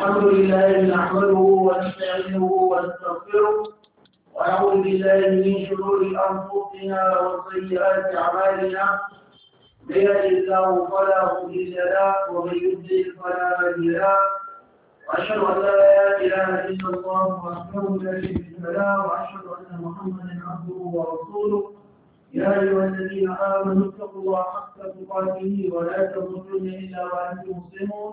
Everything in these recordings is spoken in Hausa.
الحمد لله نحمده ونستعينه ونستغفره ونعوذ بالله من شرور انفسنا وسيئات اعمالنا من يهد الله فلا مضل له ومن يضلل فلا هادي له واشهد ان لا اله الا الله وحده لا شريك له واشهد ان محمدا عبده ورسوله يا ايها الذين امنوا اتقوا الله حق تقاته ولا تموتن الا وانتم مسلمون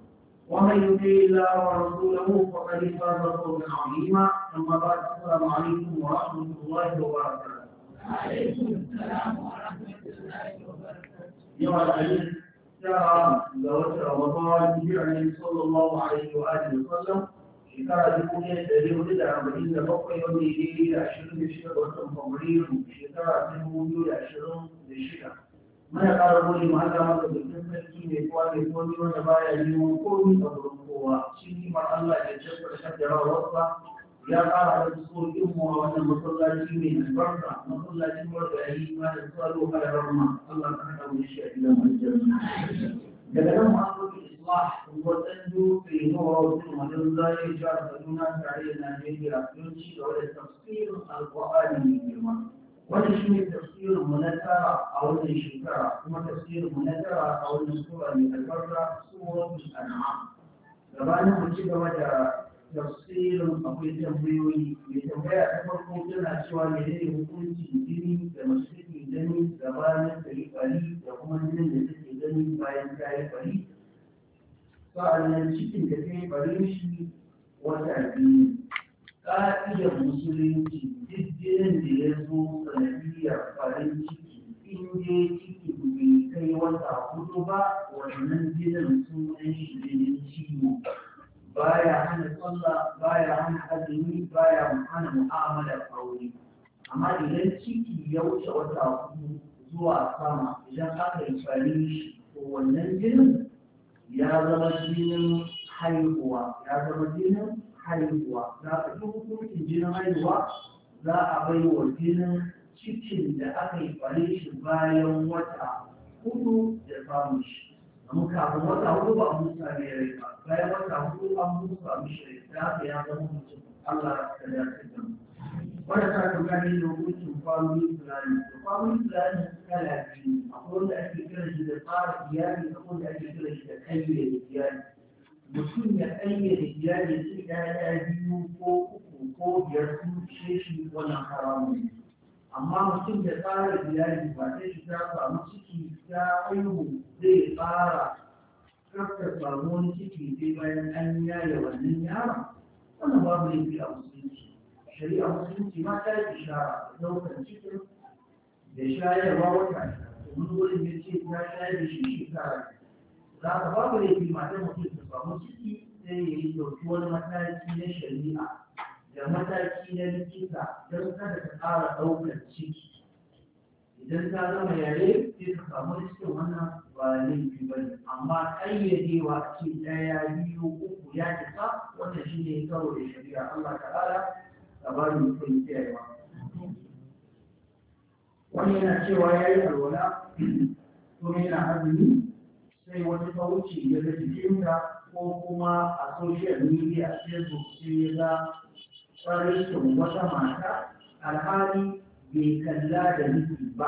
ومن يطع الله ورسوله فقد فاز فوزا عظيما اما بعد السلام عليكم ورحمه الله وبركاته. وعليكم السلام ورحمه الله وبركاته. يوم الحديث شهر لوجه رمضان النبي صلى الله عليه واله وسلم شكرا لكم يا سيدي ولد hudu لبقى يوم da bakwai wanda ya daidai شكرا لكم يوم shida ga watan muna ƙara gode mu Allah maka dukkan sarki mai kowa mai komi wanda baya neman komi a gurin kowa shi nimar Allah da jabbar wasa ya ƙara da tsoron mu a wannan masallaci mai albarka masallacin wanda ya yi ma da tsaro a rahma Allah ta haɗa mu shi a gidan aljanna daga nan ma an الإصلاح والتنجو في نور Najeriya don ci gaba تعليل نبيه يمشي على التفسير القرآني بالمعنى wani shi ne tafsirin mu na tara a wannan shekara kuma tafsirin mu na tara a wannan sura mai albarka suratul alama. gabanin mu ci gaba da tafsirin akwai tambayoyi mai tambaya ta farko tana cewa menene hukuncin jini da masu gani gabanin ta yi fari da kuma jinin da take gani bayan ta yi fari sa'annan cikin da ta yi farin shi wata biyu ƙa'idar musulunci jirgin da ya zo sanadiyar farin ciki in dai ciki bai kai wata hudu ba wannan jinin sunan shi jinin ciwo baya hana sallah baya hana azumi baya hana mu'amalar aure amma idan ciki ya wuce wata hudu zuwa sama idan aka yi farin shi to wannan ginin ya zama jinin haihuwa ya zama jinin haihuwa za a duk hukuncin jinin haihuwa za a bai wa jinin cikin da aka yi kwale shi bayan wata hudu da samun shi amma kafin wata hudu ba mun sami rai ba bayan wata hudu an mun sami shi rai da haka ya zama mutum Allah ya dace da mu wanda ta tambaya ne da hukuncin kwayoyin fulani da kwayoyin fulani kala biyu akwai wanda ake kira shi da fara iyali akwai wanda ake kira shi da kayyade iyali mutum ya ƙayyade iyali ce ɗaya biyu ko uku ko biyar sun ishe shi wannan haramun amma mutum ya tsara iyali ba sai shi ta samu ciki ta aihu zai tsara tsaftar samuwar ciki sai bayan an yi yaya wannan yara wannan babu laifi a musulunci shari'a musulunci ma ta yi ishara ɗaukar cikin da shayarwa wata domin wurin ya ce ta shayar da shi shekara za ka mu da yake matan mutum ta samu ciki sai ya yi ɗauki wani mataki na shari'a da mataki na likita don kada ta ƙara ɗaukar ciki idan ta zama yare sai ka samu cikin wannan ba laifi ba ne amma ƙayyadewa ce ɗaya biyu uku ya kisa wannan shi ne karo da shari'a Allah ta ƙara ta ba mu mutum tsayawa wani yana cewa ya yi alwala kuma yana azumi sai wani sauki ya ga jikinta ko kuma a social media facebook sai ya ga farashin wata mata alhali bai kalla da nufi ba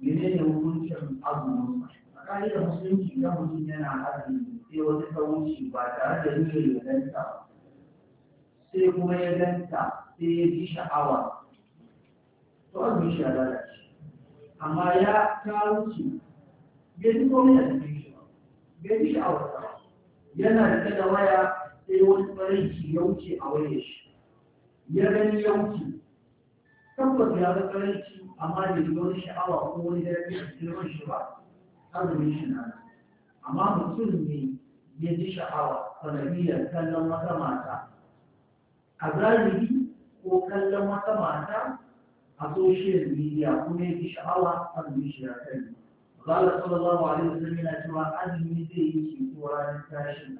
menene hukuncin abu a ƙa'idar musulunci na mutum yana azumi sai wani sauki ba tare da niyyar ya ganta sai kuma ya ganta sai ya ji sha'awa to azumi shi a lalace amma ya ta wuce ya ji komai a cikin bai shi a wasa yana da da waya sai wani farinci ya wuce a waye shi ya gani ya wuce tabbas ya ga farinci amma da yi wani sha'awa ko wani da a cikin shi ba azumin shi na amma mutum ne ya ji sha'awa sanadiyar kallon wata mata a zahiri ko kallon wata mata a social media kuma ya ji sha'awa azumin shi ya kai قال صلى الله عليه وسلم yana cewa azumi zai yi ceto ranar tashin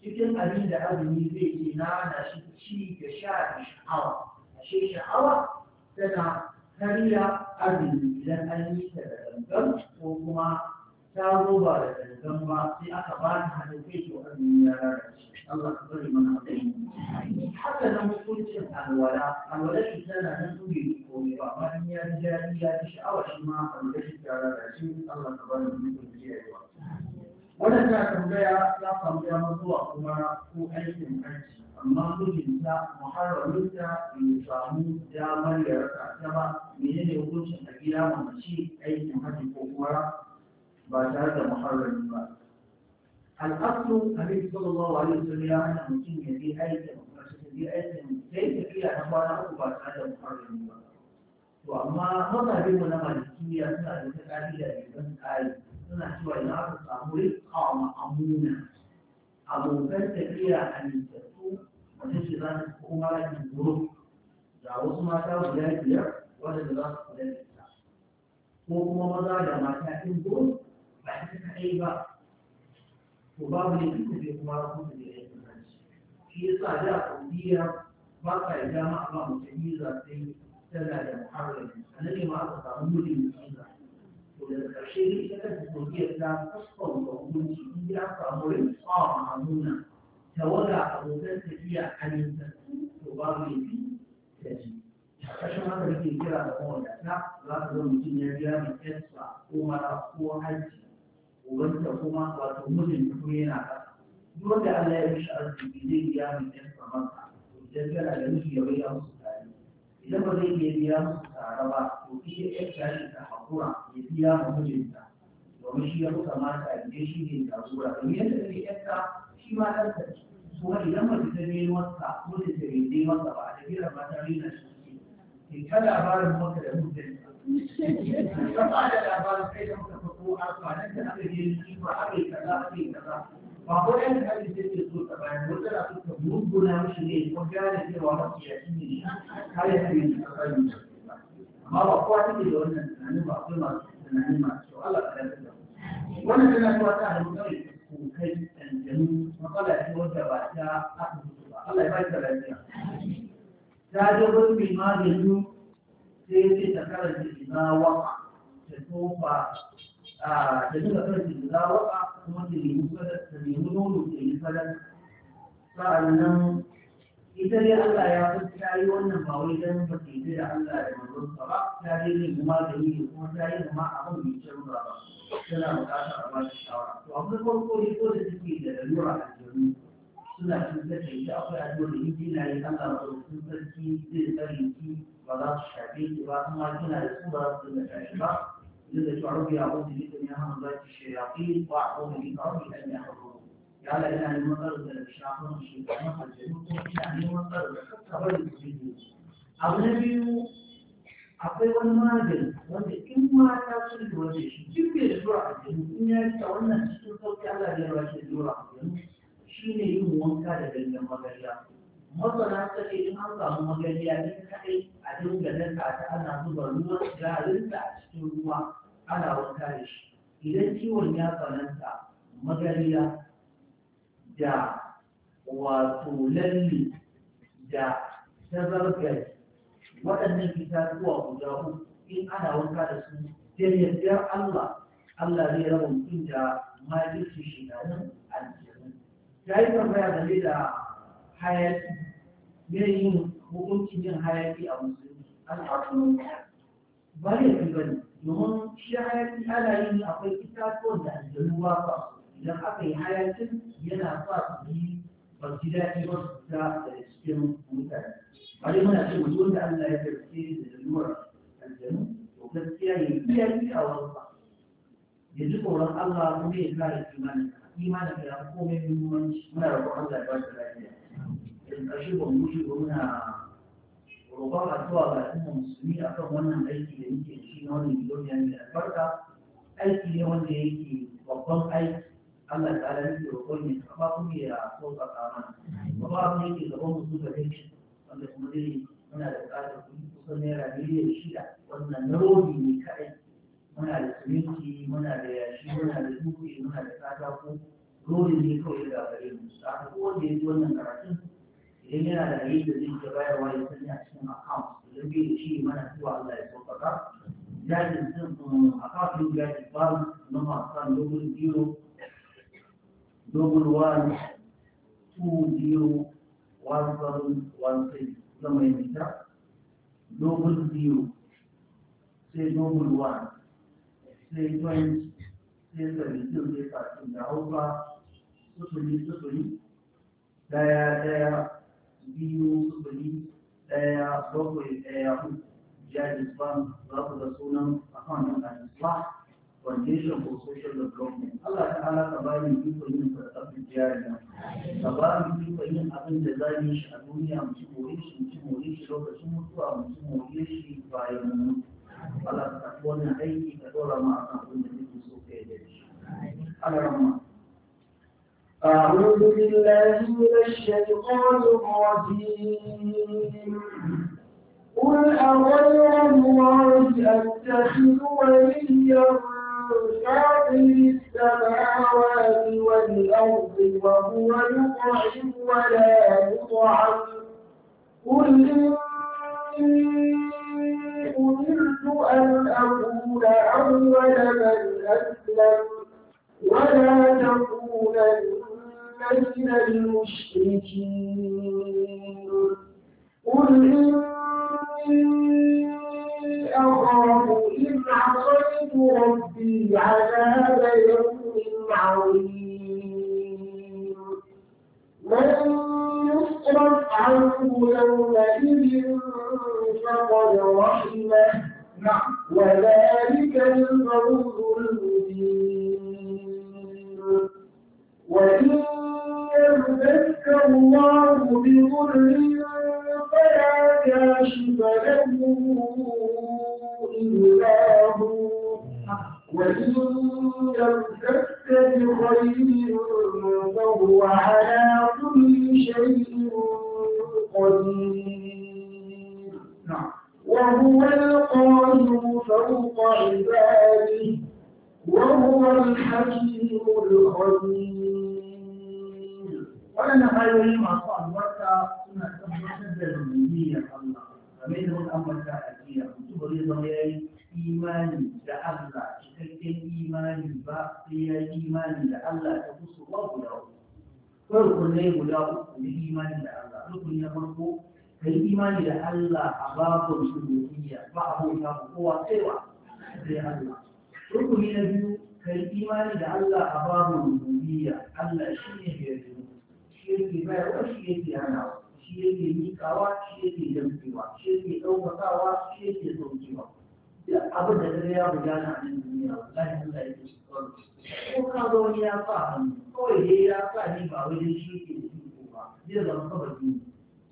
cikin abin da azumi zai ce na shi ci da sha da sha'awa ashe sha'awa tana karya azumi idan an yi ta da gangan ko kuma ta roba ba da gangan ba sai aka ba ta hannu kai to azumi ya lalace Allah ka hukuncin alwala tana nan su bai ya sha'awa shima ma alwala shi shi tambaya ya samu damar zuwa kuma ko aikin aiki amma mijinta muharraminta bai samu damar ya rasa ta ba menene hukuncin a gida mace, aikin hajji ko kuma ba tare da muharrami ba الأصل النبي صلى الله عليه وسلم أنه سمي في آية في آية ليس فيها نبأ عقبة هذا محرم وأما مضى مذهب المالكية سنة المتعددة من آية سنة شوية العقل الأمور قام أمونا أبو كنت فيها أن يستطيع وتشي ذات الحكومة من الظروف دعوة ما كان ولا بيع ولا دراسة ولا بيع وكما مضى لما كان يقول بحث الحقيقة وباب العلم بإخبار كتب العلم الحج في إصادة قضية باقى إجامة أمام متميزة في سنة محرم أنني ما أستطيع من الإجازة ولذلك الشيء يتكلم قضية لا تصل وقلت إذا أصابوا الإصابة عمونا تولى أبو تنتهي عن التنسيق وباب العلم تجيب ƙarshen haka da ke kira da mawada ta za ta zama mutum ya biya mai ko mara ko hajji ubanta kuma wato mijin kuma yana ƙasa duk wanda Allah ya yi mishi arziki zai biya mu ɗan tsamansa idan tana da miji ya biya musu tare idan ba zai iya biya musu tare ba to shi ya ɗan tashi ta haƙura ya biya ma mijinta domin shi ya fi kamata a gidan shi ne jagora domin yadda zai ɗanka shi ma ɗanka ce kuma idan mace ta biya masa mijinta bai biya masa ba a tafiyar mata rina shi ke ta labarin maka da mijinta. Ka ba da labarin sai da muka ko amfanin da aka je shi ba aka yi kaza aka yi kaza ba ko yan da ake ce so ta bayan wanda da suka murguna mishi ne ko gane cewa mafi shi ne har ya kai shi kaza ne amma ba kowa take da wannan tunanin ba akwai masu tunanin masu kyau Allah ka da wannan tana cewa ta hannu kawai kokai ɗanjanu matsala ce wadda ba ta aka ba Allah ya ba ta lafiya ta je gurin mai magani sai ya ce ta karanta ina waka ta tofa da duka kan su kuma ta nemi ta nemi ta yi ya fi wannan bawai dan da Allah da manzon sa ba ta dai ne kuma da kuma ba to ko da take da lalura a suna cutar akwai addu'ar da yake na yi Allah ba su tsare ba za su ba kuma da su ba su ba جل شعوبي أعوذ بك من همزات الشياطين وأعوذ بك ربي أن يحضرون kuma ina المطر الشياطين da kasa ba da المطر biyu. Abu na biyu akwai wani magani wanda in mata sun yi wanda shi duk da zuwa a jini in ya ta wannan cikin sauki Allah ya ba shi zuwa a jini shi ne yin wanka da ganyen magarya masana suka ce in an samu magariya ne kaɗai a dinga daka ta ana zuba ruwan garinta a cikin ruwa ana wanka da shi idan ciwon ya tsananta magariya da wato lalle da tazargari waɗannan itatuwa guda uku in ana wanka da su da yardar Allah Allah zai raba mutum da makirci shi da nan a Ta yi da da hayaki yanayin hukuncin yin hayaki a musulmi an haɗu ba ya fi bane domin shi hayaki ana yin akwai itatuwan da aljanu ba ba idan aka yi hayakin yana sa su yi ba ji daɗi ba su fita daga cikin mutane ba dai muna ce mutum da Allah ya karfe da lalurar aljanu to gaskiya ya yi iyaki a wurin ba ya ji tsoron Allah kuma ya kare imanin imanin ya komai muhimmanci muna rabu Allah ya ba ta lafiya ashe ba mu ba muna roƙon addu'a ga al'ummar musulmi akan wannan aiki da muke shi na wani miliyoni gidauniya mai albarka aiki ne wanda yake babban aiki Allah ta ala yake roƙon ne amma kuma ya sauka mana kuma abin yake gaban musu da kai wanda kuma dai muna da buƙatar kuɗi kusan naira miliyan shida wannan narobi ne kaɗai muna da siminti muna da yashi muna da dutse muna da katako dole ne kawai da gare mu sa ko wanda ya ji wannan karatun idan yana da ayi da zai ke bayarwa ya sanya a cikin account idan bai da shi mana zuwa Allah ya sauƙaƙa jajin sun um, account ɗin jajin baru na masu dogon zero dogon one two zero one seven one six zama yin mita dogon zero sai dogon one sai twenty sai seventeen sai fatin da hausa sufuri sufuri daya daya biyu bari ɗaya bakwai ɗaya uku jihar islam za ku da sunan akan nan islam foundation for social development Allah ta'ala ka ba ni ikon yin farfafin jihar nan ka ba ni ikon yin abin da za mu shi a duniya mu ci more shi mu ci more shi lokacin mutuwa mu ci more shi bayan mu Allah ka wani aiki ka dora mu akan abin da kake so ka yi da shi Allah rahma أعوذ بالله من الشيطان الرجيم قل أغير الله أتخذ وليا فاطر السماوات والأرض وهو يطعم ولا يطعم قل إني أمرت أن أكون أول من أسلم ولا تقولن من المشركين قل إني أخاف إن عصيت ربي عذاب يوم عظيم من يصرف عنه يومئذ فقد رحمه نعم وذلك الفوز المبين وإن يمسك الله بضر فلا كاشف له إلا هو وإن يمسك بخير فهو على كل شيء قدير نعم. وهو القاهر فوق عباده وهو الحكيم الخبير ولنا هاي ما صار وقتا سنة تبرد الرمية الله فمن هو الأمر كأجية تبرد ياي إيماني لألا cikakken imani ba sai ya yi imani da Allah ta musu ba guda uku kawai rukunai guda uku na imani da Allah farko ka yi imani da Allah a babin shugabiyya ba a bauta kowa sai sai Allah rukuni na biyu kai yi imani da Allah a babu rububiyya Allah shi ne ya yi shi yake bayarwa shi yake hanawa shi yake miƙawa shi yake jamfewa shi yake ɗaukakawa shi yake saukewa duk abin da zai ya gudana a nan duniya wallahi Allah ya ce ko ka ga wani ya sa hannu kawai dai ya sa ni ba wajen shi yake da iko ba zai zama kawai ne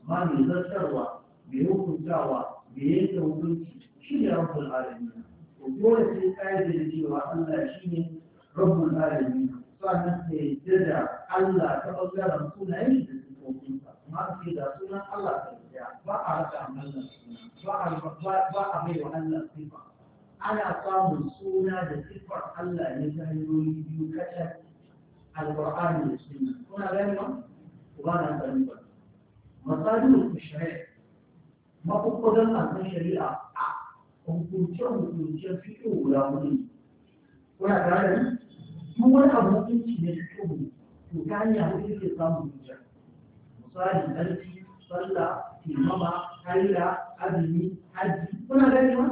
amma mai zartarwa mai hukuntawa mai yanke hukunci shi ne rabbul alamin dole sai ka yi cewa Allah shi ne rabbul alami sannan ka yi da Allah ta ɓangaren sunayen shi da sifofinsa amma sai da sunan Allah ta yi ba a rasa Allah suna ba a mai wa Allah sifa ana samun suna da sifar Allah ne ta hanyoyi biyu kacal alƙur'ani da sunna kuna gani ba ba na sani ba masalin shari'a maƙuƙudan akan shari'a hukunce-hukuncen fito guda hudu kuna tare da duk wani abu hukunci ne fito hudu to ta hanyar hudu ke samun hujja misali dalci sallah timama haila azumi hajji kuna gani ma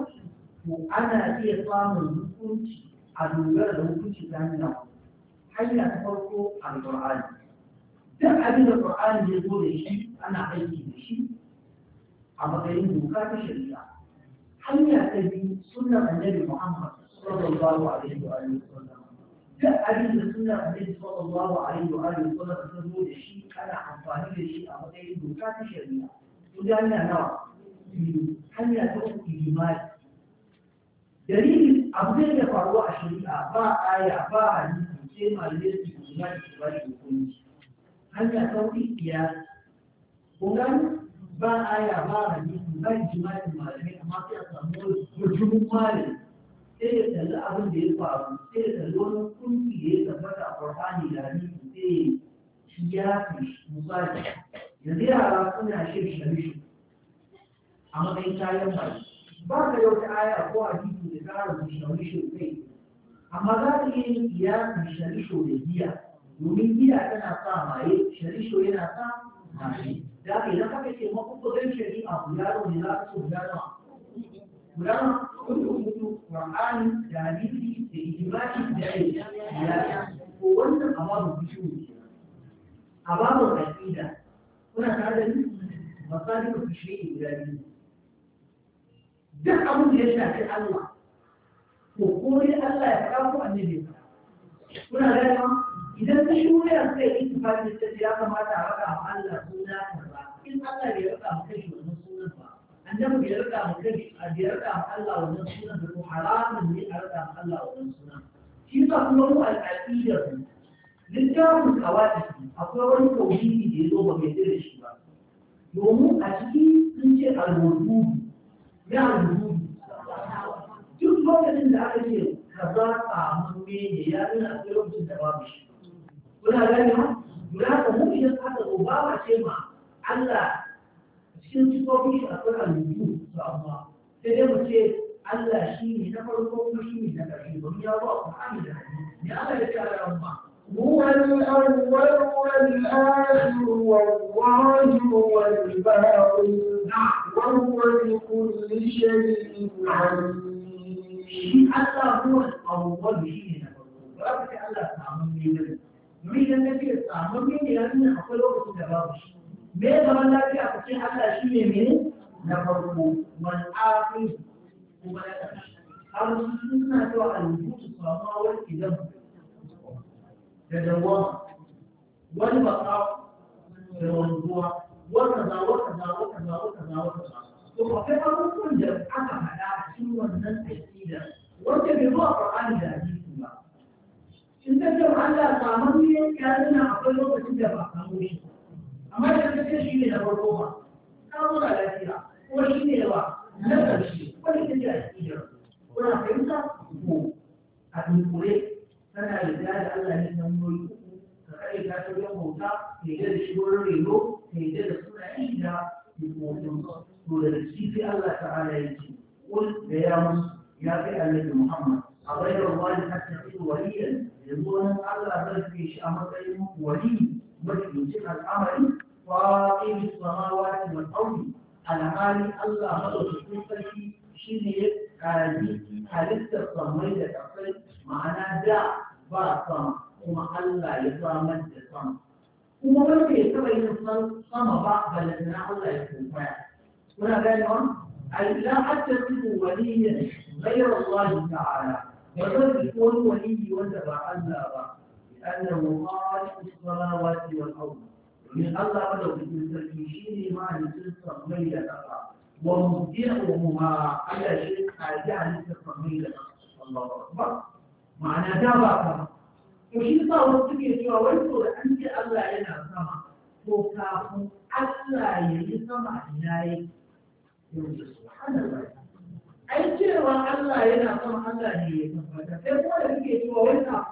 to ana iya samun hukunci a dogara da hukunci ta hanyar hanya ta farko alƙur'ani duk abin da ƙur'ani ya zo da shi ana aiki da shi a matsayin doka ta shari'a hanya ta biyu suna annabi Muhammad sallallahu alaihi wa sallam da abin da sunan annabi sallallahu alaihi wa sallam ta zo da shi ana amfani da shi a matsayin doka ta shari'a to da hanya nawa hanya ta uku dalili abu abin da faruwa a shari'a ba aya ba hadisi sai malamai su imani su ba shi hukunci hanya ta uku iyali kun ba aya ba hadisi ba jima'i malamai amma sai a samu hujjumin malami sai ya kalli abin da ya faru sai ya kalli wani kunki da ya tabbata a Qur'ani da hadisi sai shi ya fi misali yanzu yara suna shirin shin shi. a matsayin kayan baki ba ka yau ta aya ko hadisi da kara shamishu kai amma za ka yi ya fi shamishu da giya domin giya tana sa maye shamishu yana sa maye da idan aka ce makwakwatin shari'a guda ne za su guda nawa guda kudu hudu qur'ani da hadisi da ijma'i da ayyuka ko wannan a babu bishu a babu aqida kuna tare da ni masalihu bishiri guda biyu duk abin da ya shafi Allah ko ko ne Allah ya faɗa ko annabi kuna gani idan ka shuri a kai ittifaqi ta ya kamata a faɗa Allah suna in Allah bai raka mu kai wannan sunan ba annabi bai raka mu kai bai raka Allah wannan sunan da ko haramun ne a raka Allah wannan sunan shi ba kuma mu al'aqida ne littafin kawai akwai wani tauhidi da ya ba mai dare shi ba domin a ciki sun ce al-wudu ya al-wudu duk lokacin da aka ce ka za a mamme ne ya nuna akwai lokacin da babu shi kuna gani ha guda ka mu idan aka zo ba ma ce ma Allah cikin sifofin shi akwai alwudu ga Allah sai dai mu ce Allah shi ne na farko kuma shi ne na ƙarshe domin ya zo a Qur'ani da hadisi ne Allah ya ce a Allah هو الأول والآخر والظاهر والباطن وهو بكل شيء عليم الله هو الأول شيء ربك الله تعمل من يريد أن تكون تعمل من يريد أن أقول لك me zaman lafiya a cikin Allah shi ne mene na farko man afi kuma na ƙarshe har su suna cewa al-wujudu samawar idan da dawa wani baka da wanzuwa wata za wata za wata za wata za wata za to ba kai abubuwan da aka hada a cikin wannan da wanda bai zuwa Qur'ani da hadisi ba in ta ce Allah samun ne ya akwai lokacin da ba samu shi amma da ta shi ne na farko ba ka zo lafiya ko shi ne ba na ƙarshe wani ta ji a cikin kuna fahimta ko a dunkule tana da da Allah ne nan nuri ka kare ka ta yin bauta ka yi da shi wurin rero ka yi da suna inda hukumomin to da shi sai Allah ta'ala ya ce kul da ya musu ya kai annabi Muhammad a bayar wani hatta waliyan yanzu wani Allah zai fi shi a matsayin waliyi مثل جهه العمل واقيم السماوات والارض على حال الله هو الخصوصي شنو يقال هذه انت صميت تقصد معنا دا باطن ومحل لا يصمد الصم وما لو في سبع صم بعض لنا الله يكون فيها هنا قال اي لا تكون وليا غير الله تعالى وقد يكون ولي وانت بعد الله أنه خالق السماوات والأرض من الله ولو بالتركيشين ما لسلطة ميلة أقع ومبدعهما على شيء أجعل سلطة ميلة الله أكبر معنى جابك وشي صار وسكي شو ويقول أنت الله ينا السماء وكافون الله يلي سما إلهي يقول سبحان الله أي شيء الله ينا الله يلي سما فيقول لك شو ويقول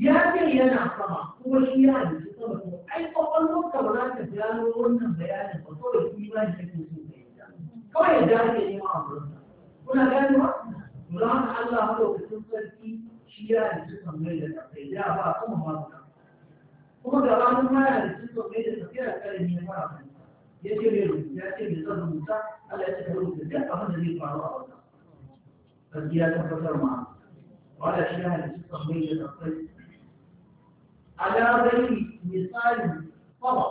ya ce yana sama kuma shi ya halittu sama ko ai kwakwalwar ka ba za ta gano wannan bayanin ba kawai shi ma shi ne su ka yadda kawai yadda ake nema a wurinsa kuna gani ba za ka Allah madaukakin sarki shi ya halittu sammai da tafai da ba kuma ba ka kuma gabanin ma ya halittu sammai da tafai da kare ne mara kan ya ce mai rubuta ya ce mai zan rubuta Allah ya ce ka rubuta duk abin da zai faru a wannan gaskiya tabbatar ma wanda shi ya halittu sammai da tafai ala gari misali fara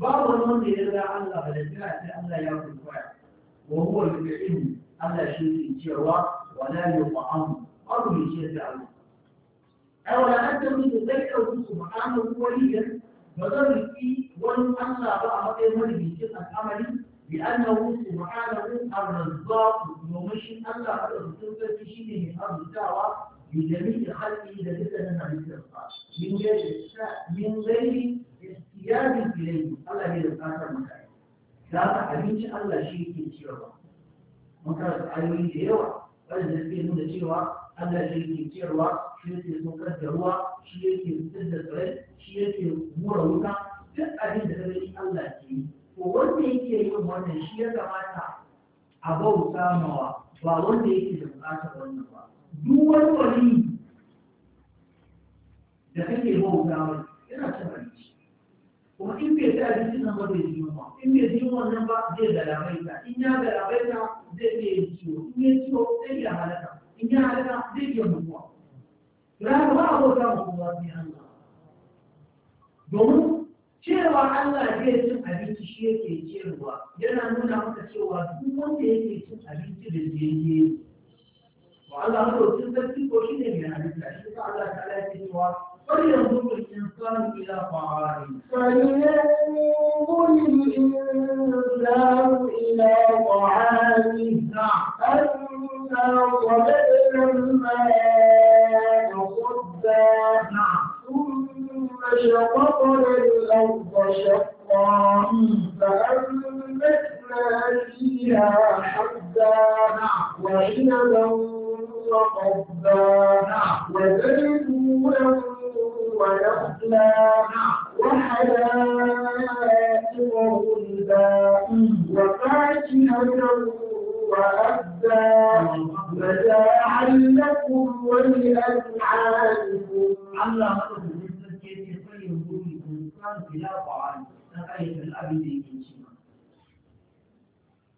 babu wani wanda ya riga Allah ba da jira sai Allah ya kuskura wa huwa yu'in Allah shi ke cewa wala yu'am babu mai ce da Allah ai wala hatta min da subhanahu wa ta'ala ba zan riki wani Allah ba a matsayin wani bikin al'amari لأنه سبحانه الرزاق ومشي الله allah الرسول في شيء من أرض الدعوة بجميع خلقه دليلا على الاستغفار من من غير استياب اليه الله bai da bukatar mutane da haka abinci Allah shi ke ciyarwa mun karanta ayoyi da yawa wanda suke nuna cewa Allah shi ke ciyarwa shi yake sokar da ruwa shi yake fitar da tsirai shi yake mura wuta duk abin da kai Allah ke yi to wanda yake yin shi ya kamata a bauta ba wanda yake da bukatar wannan ba duk wani wani da kake bauta wani yana cin abinci kuma in bai ci abincin nan ba zai ji yunwa in bai ji yunwa nan ba zai galabaita in ya galabaita zai iya yin ciwo in ya ciwo zai iya halaka in ya halaka zai iya mutuwa ranar ba a bauta ma kowa sai Allah domin cewa Allah zai cin abinci shi yake cewa, yana nuna maka cewa duk wanda yake cin abinci da jeje وعلى أمر الجنة وشيء يعني هذه الأشياء على ثلاث أنواع فلينظر الإنسان إلى طعامه فلينظر الإنسان إلى طعامه أنا صببنا الماء صبا ثم شققنا الأرض شقا فأنبتنا فيها حبا وعنبا وقضى وزيتونا ويصلى وحدائق غلبا وفاكهة وأبدا متاعا لكم ولأنعامكم الله مدد للتزكية فيقول الإنسان بلا طعام تغير الأبد يجيشنا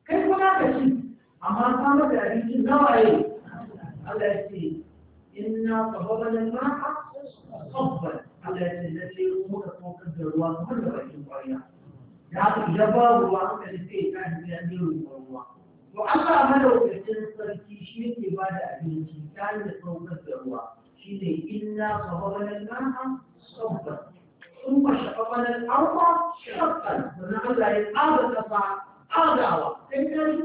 كيف هناك شيء أما قامت أبيتي نوعين على يسير إن قبضنا الماء صبا على يسير التي أمور توقف الرواد من رأيهم قرية لكن جبار الله أنت لكي كان بأمير الله وعلى ملو كتن صرتي شيء بعد أبنتي كان توقف الرواد شيء إنا قبضنا الماء صبا ثم شققنا الأرض شقا ونعلى الأرض قطع أرض أرض تنتهي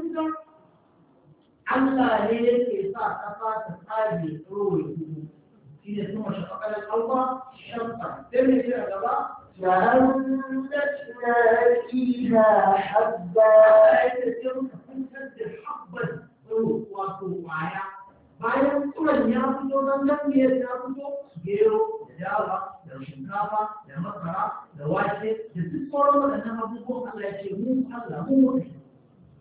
Allah ne yake sa kafa ta tsage tsoro shi ne kuma shafaƙar alƙalba shafaƙa sai ne shi a gaba فأنبتنا فيها حبا bayan tsoron ya fito nan nan ne ya fito gero da dawa da shinkafa da masara da wake da duk sauran waɗannan abubuwan Allah ya ce mu Allah mu ne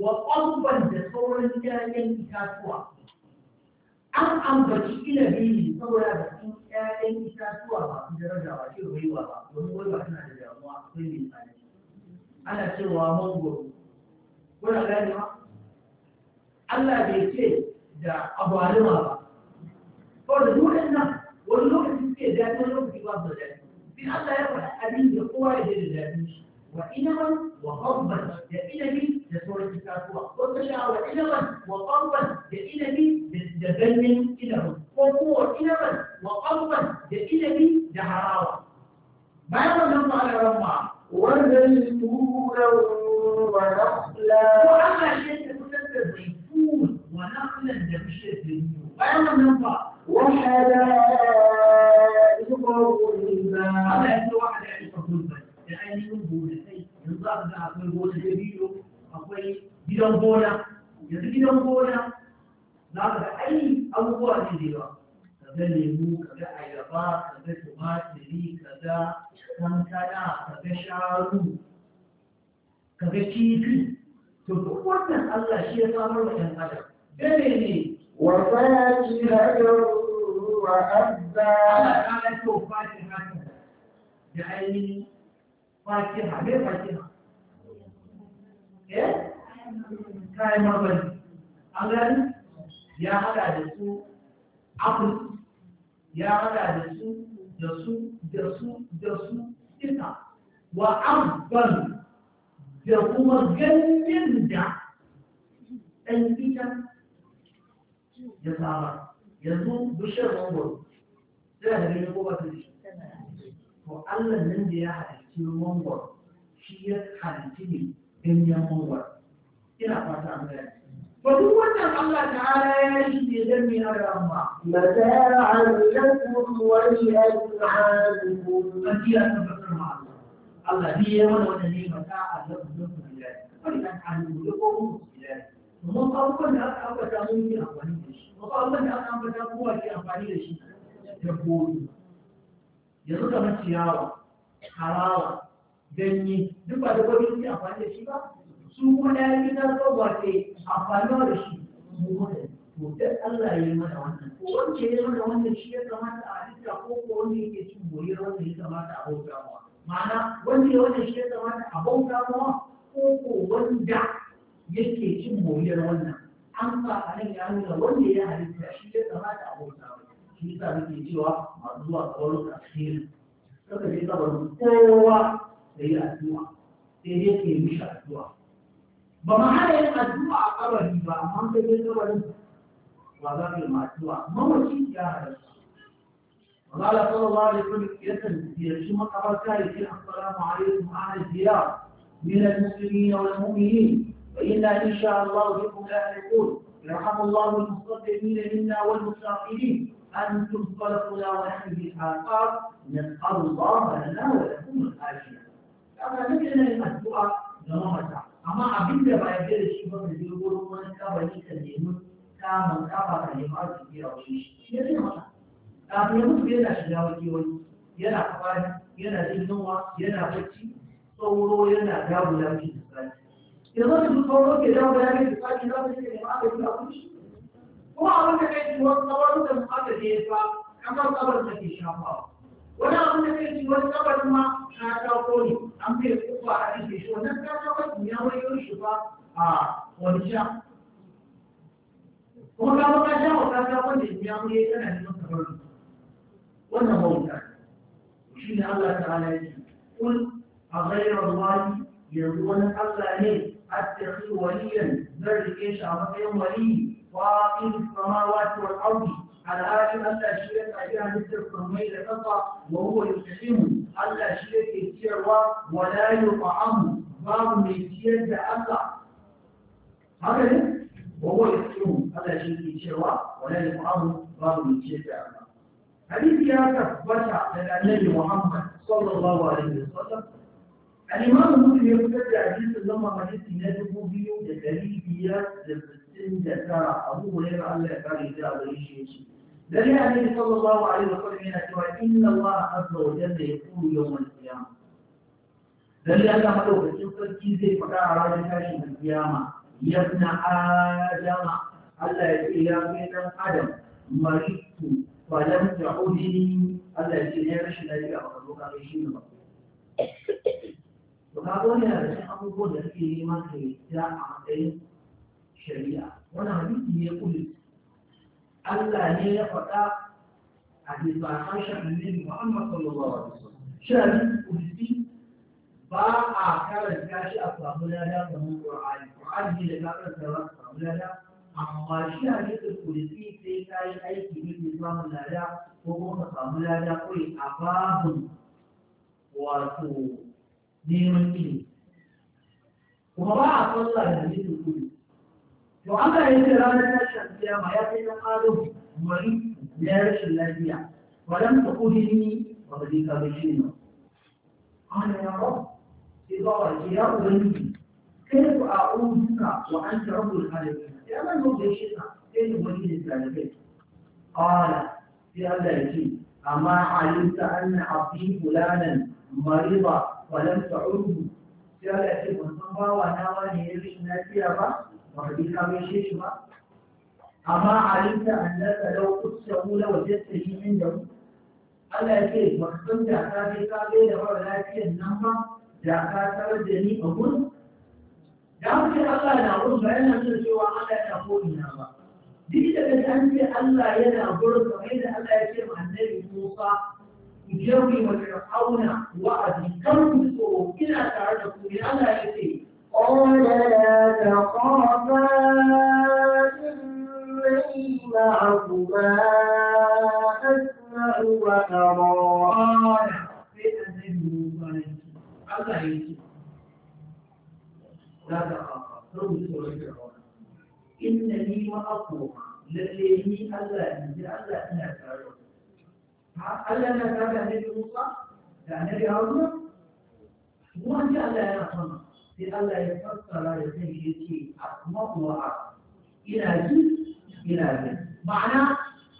wa ƙwamban da sauran ƴaƴan itatuwa an ambaci inabi ne saboda da cikin ƴaƴan itatuwa ba su daraja ba ce waiwa ba domin waiwa tana da damuwa akwai mai tsari ana cewa mangoro kuna gane ma Allah bai ce da abaluma ba saboda dukkan nan wani lokaci suke daɗin lokaci ba su da daɗi sai Allah ya faɗa abin da kowa ya je da daɗin shi وإنما وقربا لعنب لسورة الفاتورة والتشاء وعنبا وقربا لعنب لبن عنب وقوة إنما وقربا لعنب لحرارة ما يرمى على رمى وزيتونا ونخلا وأما شيء كنت زيتون ونخلا لمشة الدنيا ما يرمى وحدائق غلبا هذا يقول واحد يعني da ainihin gonakai yanzu za ka ga akwai gona da biyu, akwai gidan gona yanzu gidan gona za ka ga ai abubuwa ne da yawa ka ga lemu ka ga ayaba ka ga tumatiri ka ga kankana ka ga sharu ka ga kifi to duk wannan Allah shi ya samar wa ɗan adam dane ne wa fatiha wa abba Allah ta fatiha da ainihin fatiha me fatiha eh kayan marmari an gani ya hada da su apple ya hada da su da su da su da su ita wa abban da kuma ganyen da ɗan ita ya saba yanzu bishiyar mangoro sai da gani ko ba ta to Allah nan da ya halicci mangoro shi ya halicci ne ganyen mangwaro ina fata an gani ba duk wannan Allah ta'ala ya yi ne dan mai arama mata'an lakum wa li'anhaakum kadiya tabbatar ma Allah Allah ne ya mana wannan ne ba lakum wa li'anhaakum wani kan hannu da ko mu domin abubuwan da aka ambata mun yi amfani da shi wasu abubuwan da aka ambata kowa ke amfani da shi yanzu kamar ciyawa harawa ganye duk ba da gwamnati suke amfani da shi ba su kuma da yanki na tsawa ke amfani da shi mu da to da Allah ya yi mana wannan ko wanda ya mana wannan shi ya kamata a halitta ko ko wanda yake cin moriyar wanda ya kamata a bauta mawa ma'ana wanda ya wannan shi ya kamata a bauta mawa ko ko wanda yake cin moriyar wannan an ba a nan ya nuna wanda ya halitta shi ya kamata a bauta mawa shi sa muke cewa masu zuwa tsawon alheri suka je tsabarin kowa da yi addu'a sai dai ke mishi addu'a ba ma hana yin addu'a a kabari ba amma sai dai kabarin ba za ka yi ma addu'a mamaci ya halarta وقال صلى الله عليه وسلم يسأل يرسم قبرك يقول السلام عليكم أهل الديار من المسلمين والمؤمنين وإنا إن شاء الله بكم لاحقون يرحم الله المستضعفين منا والمستغفرين أن تفضل لنا ونحمه الآثار نسأل الله لنا ولكم الآجلة أما نجلنا المهدوءة نومتا أما عبد ما يبدأ الشيء من الجبور ونكا وليس الجنون كما كفى كلمات كبيرة وشيش يدري مطا كافي يموت بينا شجاوتي ولي ينا قبال ينا ذي نوع ينا بكي صورو ينا جابو لكي نسرائي yanzu su tsoro ke jawo da yanayi da sake za su da ma'a da yi a kushi kuma abin da kai ciwon tsawon da ma'a da ya fa kamar tsawon da ke shafa wani abin da kai ciwon tsawon ma na shafo ne an fiye kuka a cikin shi wannan tsawon ya wayo shi ba a wani sha kuma ka maka sha wa kasa wanda ya wayo yana neman kamar wannan bauta shi ne Allah ta'ala ya ce kun a ghairar wani يقول حتى ليه اتخذ وليا بل ان شاء الله كيوم ولي واقيم السماوات والارض على آخر ان لا شرك فيها مثل الصرمي لتطع وهو يحكم ان لا شرك يسير ولا يطعم باب من يسير لاطع هذا وهو يحكم ان لا شرك يسير ولا يطعم باب من يسير لاطع هذه سياسه بشع للنبي محمد صلى الله عليه وسلم الإمام مسلم يقول حديث لما ما حديث نادب بيو دليلية للسن دكارة أبو هريرة الله يبارك أبو على شيء دليل النبي صلى الله عليه وسلم إن الله عز وجل يقول يوم القيامة دليل أن الله مدوك تلقي زي فقاع على كاشي من القيامة يا ابن آدم ألا يقول يا بيت آدم مريض فلم تعودني ألا يقول يا رشد الله أبو هريرة to ka ga yana da cikin abubuwan da suke yi maka yadda a matsayin shari'a ne Allah ne ya faɗa a bisa harshen annabi Muhammad sallallahu alaihi wasallam shi hadisi kulli ba a karanta shi a samu lada kamar Qur'ani Qur'ani da ka karanta a samu lada amma shi hadisin kulli sai ka yi aiki ne da lada ko kuma samu lada a babu wato neman ilimi kuma ba a tsalla da nufin gudu to Allah ya ce ranar tashin kiyama ya kai na ƙaro wani na rashin lafiya walam ta kuhini wa ba zai kaga shi ne ana ya ba sai ba wa ke ya ubangiji kai ku a uzuka wa an ta rabu da halittu ya zan zo da shi na sai ne wani ne talibai ƙala sai Allah ya ce amma alimta an na abdi fulanan mariba walam ta'udu sai Allah ya ce ban san bawa na ne ya rashin lafiya ba ba ka bi ka gaishe shi ba amma alinta annaka law kusahu law wajadtahu indahu Allah ya ce ba san da ka bi ka da mara lafiyan nan ba da ka tarar da ni a gurin da mutum Allah na gurin ba yana son cewa Allah yana ko ina ba duk da an ce Allah yana gurin da Allah ya ce ma annabi Musa يجري وترفعون وأذكركم بالصروف إلى تعرفوا بأمر الشيء قال لا تخافا إني معكما أسمع وأرى قال فأذنوا عليكم أما يوسف لا تخافا ثم إنني وأخوك لديني ألا أنزل ألا أنزل ألا نتابع هذه موسى يعني بأرضنا وأنت ألا يعصم في ألا يفسر لديه شيء أصمت وأعظم إلى جد إلى جد معنى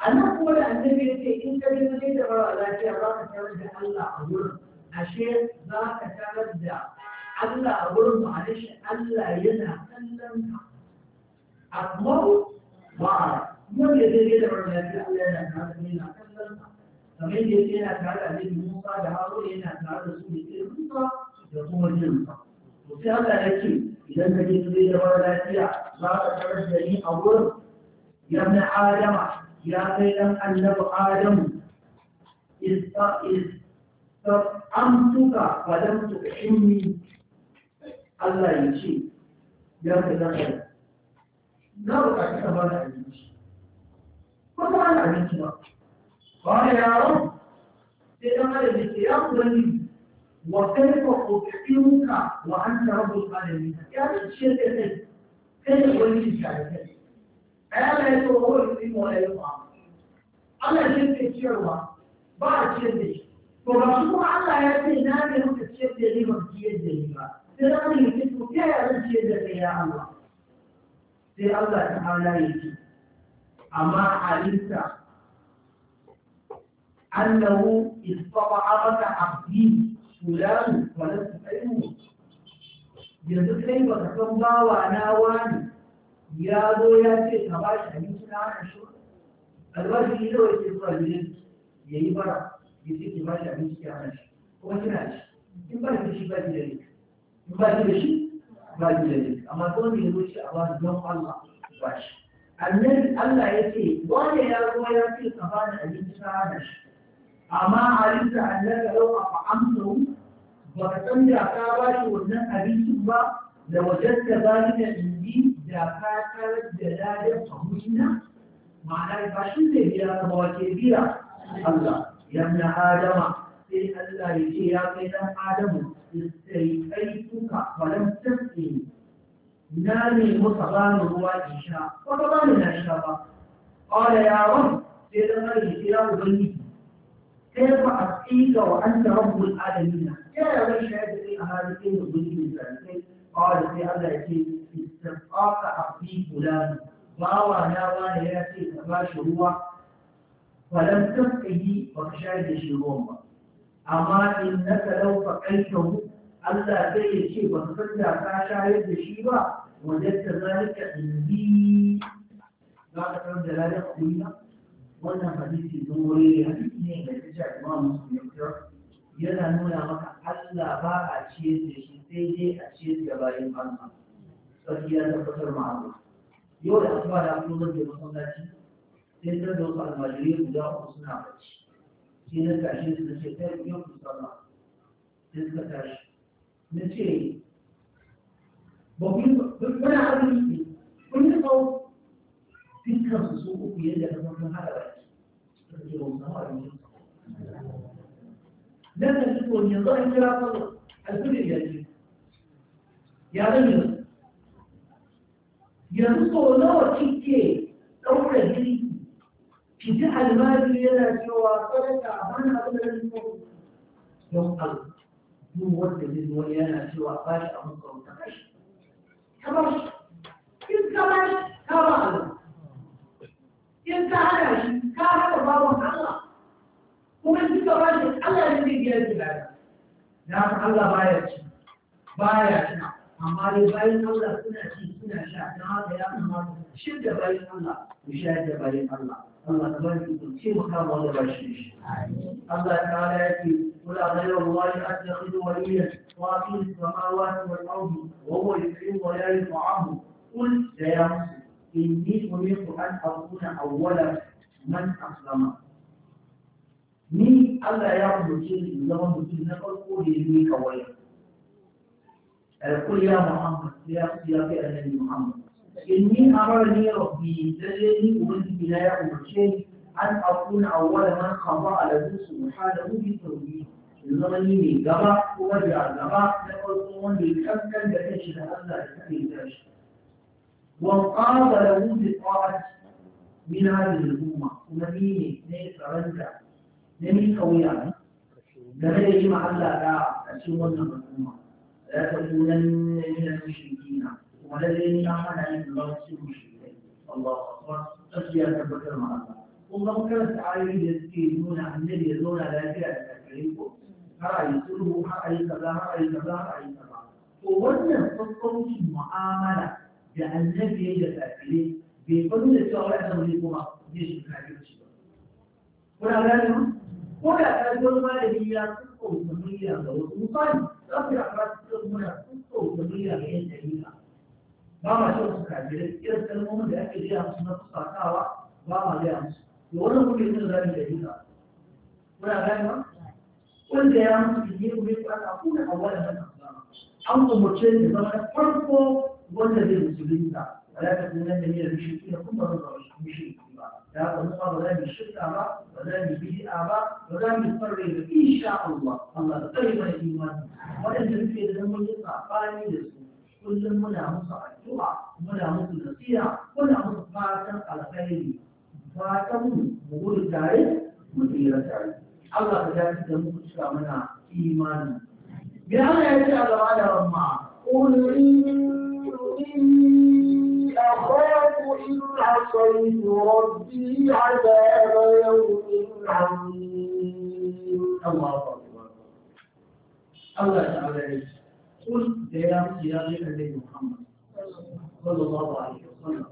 أنا أقول النبي يقول إن كان يريد لكن الله تعالى ألا أقول أشياء ذاك تعالى ألا أقول معلش ألا ينا ألا أصمت وأعظم من يريد لكن الله تعالى ألا ينا ألا kamar yadda yana tare da annabi Musa da haro, yana tare da su da irinsa da kuma jinsa to sai Allah ya ce idan ka je zai da mara lafiya za ka tarar da ni a wurin ya Adama ya kai dan annabi Adamu amtuka wa lam tuqimni Allah ya ce ya ka zaka na buƙaci ka bada abinci ko ba ana abinci ba Vale a Rabb, ele ama ele, que é um grande. O atende com o que é um cá, o ante a Rabb dos Alemães. E a gente tinha que ter, que ele foi em cá, ele é. Ela é o outro que mora em lá. Ela é gente que tinha lá, vai a tinha de. Por a sua alma é que não é que tinha de ele, mas tinha de ele lá. Se ela tem que ter, porque ela tinha de ter a alma. Se ela tem a alma, ama a alma, أنه استطعمك عبدي فلان ولست أيوه yanzu kai ba ka san bawa na wani ya zo ya ce ka ba shi abinci na hana shi albashi ne da wace zuwa ne ya yi bara ya ce ki ba shi abinci ya hana shi kuma kina shi in ba shi da shi ba shi da ne in ba shi da shi ba shi da ne amma ko ne ya zo shi a ba don Allah ba shi annabi Allah ya ce wani ya zo ya ce ka ba ni abinci na hana shi amma alinta annaka law afamtu ba san da ka ba shi wannan abinci ba da ni da indi da ka tarar da ladan fahimina ma'ana ba shi ne biya ba wace biya Allah ya na adama sai Allah ya ce ya kai dan adamu sai kai kuka faran tafi na ne muka ba ruwa in sha ko ba ni na sha ba qala yawon sai dan Allah ya ce ya ubangiji كيف أتيك وأنت رب العالمين يا من شهدني هذه الوجه قال في الله يأتي استسقاك عبدي فلان وانا وانا يأتي كما شروع ولم تسقه وكشاهد شروع أما إنك لو فقيته الله زي يشي وتصدى كشاهد شيبا وجدت ذلك عندي لا تكرم دلالة قوية wannan hadisi dore hadisi ne da kace Imam Muslim ya kira yana nuna maka Allah ba a ciye da shi sai dai a ciye da bayan Allah sarki ya tabbatar ma Allah yau da fara da asuba da masallaci sai ta da wasu almajiri guda uku suna bacci sai na tashi su ce kai yau ku sallah sai suka tashi na ce ba ku yi ba dukkan su su uku yadda ka san sun haɗa baki suka ce wasu nawa a yanzu dan da su ko yanzu an kira sallah alfijir ya ce ya zan yanzu yanzu sau nawa kike ɗaura girki ki ji almajiri yana cewa sadaka a mana abin da zai so don Allah duk wanda zai zo yana cewa ba shi abin kawo ta kashi ta ba shi in ka ba shi ka ba Allah in ka hana shi ka hana bawan Allah kuma shi ka bashi Allah ne zai biya shi lada da haka Allah baya ci baya tuna amma dai bayan Allah suna ci suna sha don haka ya kamata shi da bayan Allah ku sha da bayan Allah الله تبارك وتعالى مكان ولا بشيش الله تعالى يأتي قل غير الله أتخذ وليا واقيم السماوات والأرض وهو يطعم ولا يطعم قل لا يمسك إني أريد أن أكون أول من أسلم من ألا يا رب الجن لو مجن نقول قولي لي قولي قل يا محمد يا يا في محمد إني أمرني ربي دلني أريد بلا يا رب الجن أن أكون أول من قضى على ذو سبحانه بالتوحيد لغني من قبع ورجع قبع نقول قولي كم كان بكشف الله كم يكشف وقال له بطاعة من هذه الأمة ونميني نيسا رنجا نمي قويا لغير ما الله لا من الأمة لا تكونن من المشركين ولذين أحد عند الله المشركين الله أكبر أسيا تبكر مع الله والله كانت عائلة يسكينون عن نبي يزون لا جاء تكريمكم هاي سلوه هاي كذا هاي كذا هاي كذا وأن تصوت معاملة da annabi ya yi da kafirai bai faru da cewa wani annabi ne kuma zai shi ba kuna gane mu ko da kafin malami ya kuka murya ga wasu mutane za su yi amma su muna kuka murya ga yan dalila ba ma shan su kafirai irin kalmomin da ake gaya musu na kusatawa ba ma gaya musu da wannan kuma yanzu za mu dalila kuna gane mu wanda ya mutu ne kuma ya kwata kuna a wannan an umarce da zama farko wanda zai musulunta ba za ka tunan da ne da shirki na kuma zan zama shirki ba Ya haka mu ba za mu shirka ba ba za mu bid'a ba ba za mu farre ba insha Allah Allah da kai mana imani waɗanda suke da mun yi tsafani da su kullum muna musu addu'a muna musu nasiha muna musu fatan alkhairi fatan mu gudu tare mu tsira tare Allah ka dace da mu kusa mana imani. Bi Allah ya ce a gaba da ramma. Qul inna أخاف إن عصيت ربي عذاب يوم عظيم الله أكبر الله تعالى قل يا صياغ النبي محمد صلى الله عليه وسلم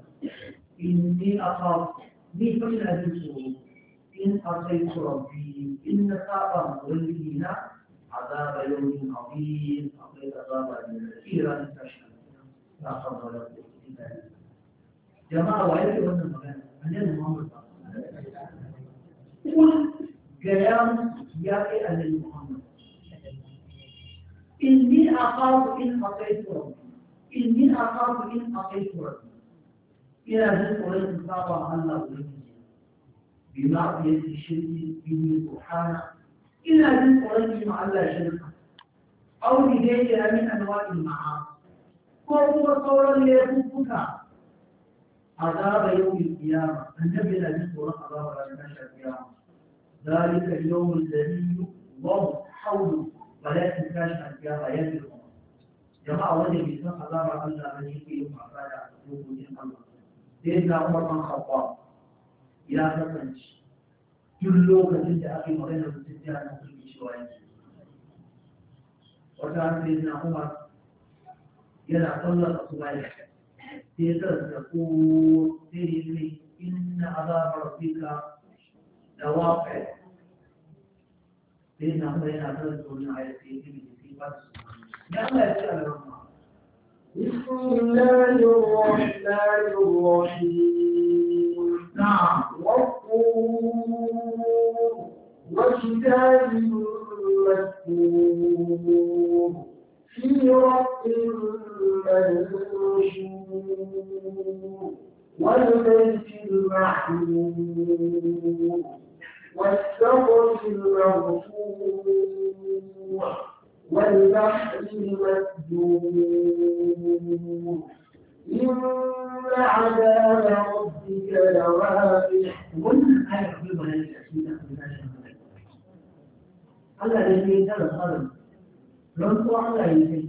إني أخاف لي فمن أجل إن أتيت ربي إن ساق مغلقين عذاب يوم عظيم أقيت عذابا كثيرا تشهد لا حول ولا قوة إلا بالله جماعة وعيالي وانا مغانا أنا محمد قل كلام يا أهل محمد إني أخاف إن أطيت ربي إني أخاف إن أطيت ربي إلى هل قريت صعبة الله وليه بمعصية الشرك به سبحانه إلى هل قريت مع الله أو بغيرها من أنواع المعاصي ko kuma sauran laifuka azaba yawmin qiyama annabi yana jin tsoron azaba ranar tashin qiyama ذلك اليوم الذي يقضى حوله ولا تنكاش أنبياء آيات الأمم جماعة وجه بيسان حضارة ألا من يكي يوم عفادة عدوه من الله سيدنا عمر بن الخطاب يا فتنش جلو كتنت أخي مرينة بسيدنا نقل بشوائي وكان سيدنا عمر yana sallar asuba ya kai sai zan zaku sai ya ce inna azabar rabbika da waƙa sai na mai yana zan zaune a yake yi da sai ba su ya Allah ya ce alhamma بسم الله الرحمن الرحيم نعم والطور وكتاب مسكور في رق منشور والبيت المحمود والسقف المرفوع والبحر المسجود إن عذاب ربك لواقع قل أنا أحب أن يأتينا الله الذي نزل الأرض لن تعلى إليه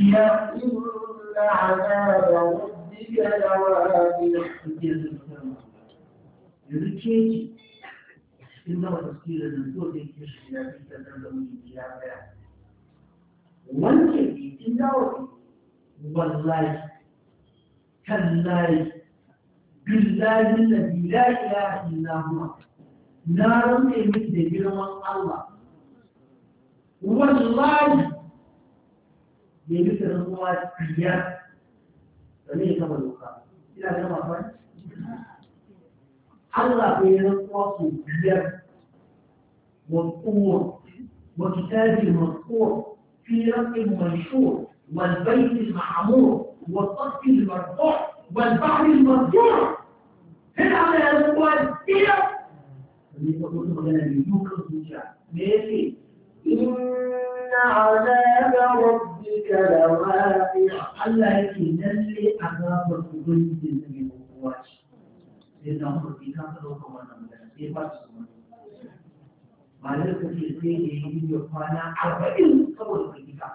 ربنا إن عذاب shiga da da ya daya wance cikin wallahi tallahi billahi da billahi ya yi na kuma na rantse miki da girman Allah wallahi بيجوز ان هو اياه فمن كما يقال الى كما قال الله بين القوة والقيام والقوة وكتاب المذكور في رق منشور والبيت المعمور والطرف المرفوع والبحر المذكور هنا على القوة والقيام فليه تقول لنا بيجوز ان هو اياه ماشي إن عذاب ربك ربك لواقع الله يكي نسلي عذاب الخلود بالنبي وقوات سيدنا عمر في كان تلوك وانا مدرس في فاتح سمان ما لك في سيدي يجي يقانا أربعين قبل في كتاب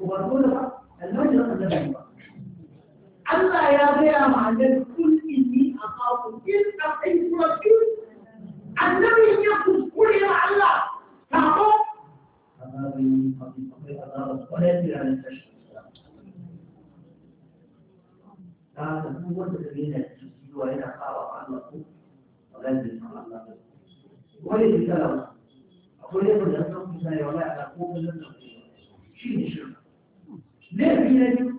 وبقول لك المجرى النبي الله يا غير معلم كل إني أخاف إن أخيت ربي النبي يقول قل يا الله هذه الحقيقة أدارت ولا يدري عن الكشف هذا هو الذين يجزي وإن خالق عنه ولازم على ولد كلام أقول لكم أنكم لا ولا يعلمون من شيء شرك ليه في نجم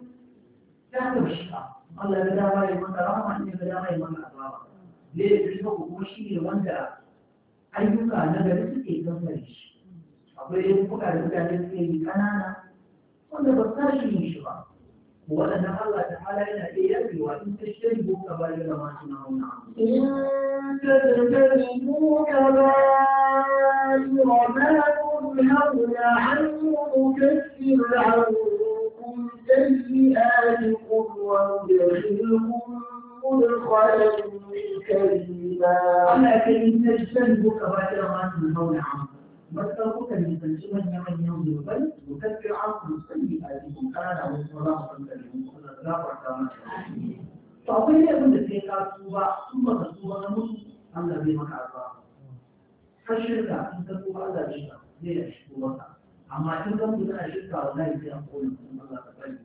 تحكم الشفاء الله بدا ما يمنع رحمة إن بدا ما يمنع أضرار ليه في نجم وشيء وانت أيها النبي بسكي كم فريش akwai yankuka da mutane suke yi ƙanana wanda ba sa shi yin shi ba waɗannan Allah ta hala yana iya yabewa in ta shari ko ka bayi da masu na'una. In ta tattari ko ka bayi wa malakun hauna an mukassir عنكم سيئاتكم وندخلكم مدخلا كريما. أنا كريم تجتنبك غير ما تنهون عنه. yi matsaukukan nisanci manya-manyan zunubai mutar fir'an ku sanyi a jikin ƙanana wasu ma za mu san da mu kuma za mu rasa mana to akwai laifin da sai ka tuba su ba ka tuba na mutu Allah zai maka azaba Ka shirka in ka tuba Allah zai shirka zai ya shigo ka, amma in ka tuba na shirka zai fi an koyi kuma Allah ka bari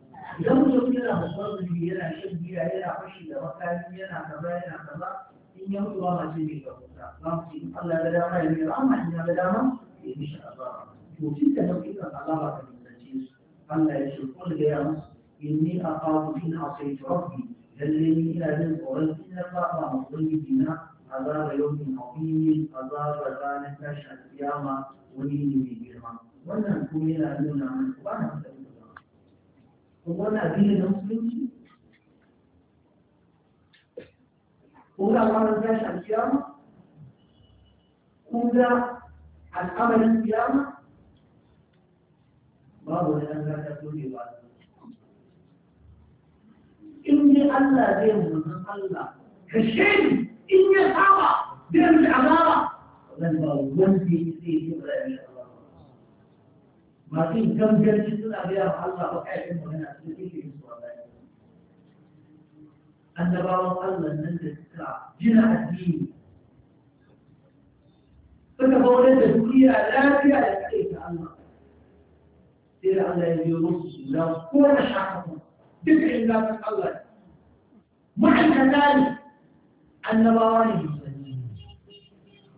idan mutum yana babban zunubi yana shan giya yana fashi da makami yana kaza yana kaza in ya mutu ba ma ce bai ga wuta ba mu ce Allah ya dama ya yi amma in ya dama ya mishi azaba to tun da hakikan azaba ta nisance su Allah ya ce kun ga ya musu inni aqamu in asaytu rabbi lalle ni ina jin tsoron in na saba ma ubangiji na azaba yawmin azim azaba ranar tashi alkiyama wani ne mai girma wannan kuma yana nuna mana ba na da kuma wannan addini na musulunci ko da ranar tashi alkiyama ko da هل عمل القيامة؟ بابا لأن لا تقولي بعد إني ألا دينه من ألا إني صعبة دين العمارة ولن بابا ونسي فيه جبرا إلي ما كنت كم جل جدنا بيار الله وكيف إنه هنا سيكيه إنسوا أن بابا الله ننزل الساعة جنا الدين suka zaunar da duniya lafiya da kare ta Allah sai Allah ya biyo musu suna ko na shafa duk inda kan Allah ne ma'aikata ne annabawa ne musulmi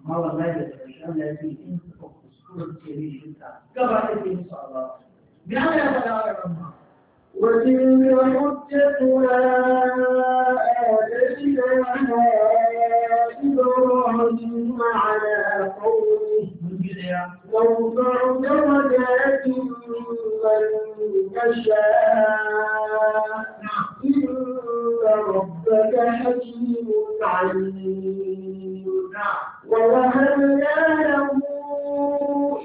amma wallahi da ƙarshe Allah ya ce in suka kuskura ke ne shi ta gaba da ke musu Allah ne Allah ya faɗa wa وتلك حجتنا آتيناها إبراهيم على قومه نرفع درجات من نشاء إن ربك حكيم عليم ووهبنا له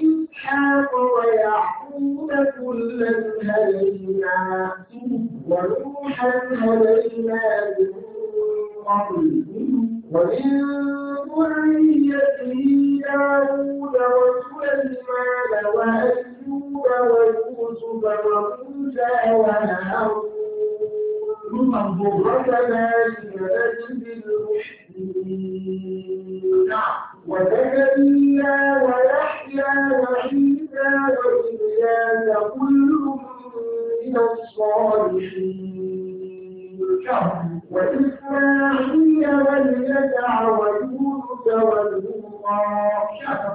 إسحاق ويعقوب يكون كلا هدينا ونوحا هدينا من ومن ذريته داود وسليمان وأيوب ويوسف وموسى وهارون وكذلك نجزي المحسنين وزكريا ويحيى وعيسى وإلياس كل من الصالحين وإسماعيل واليسع ويونس ولوطا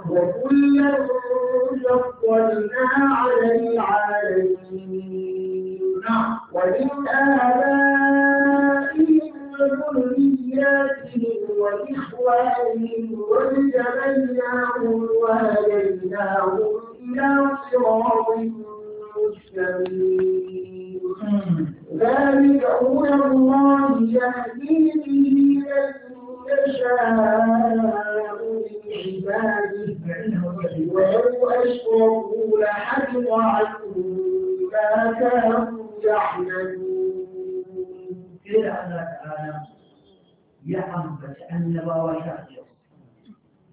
وكلا فضلنا على العالمين ومن آبائهم ذرياتهم وإخوانهم واجتبيناهم وهديناهم إلى صراط مستقيم ذلك هدى الله يهدي به من يشاء من عباده ولو أشركوا لحبط عنهم ما كانوا يعملون إلى أن تعالى يعم بشأن نباوة شعجر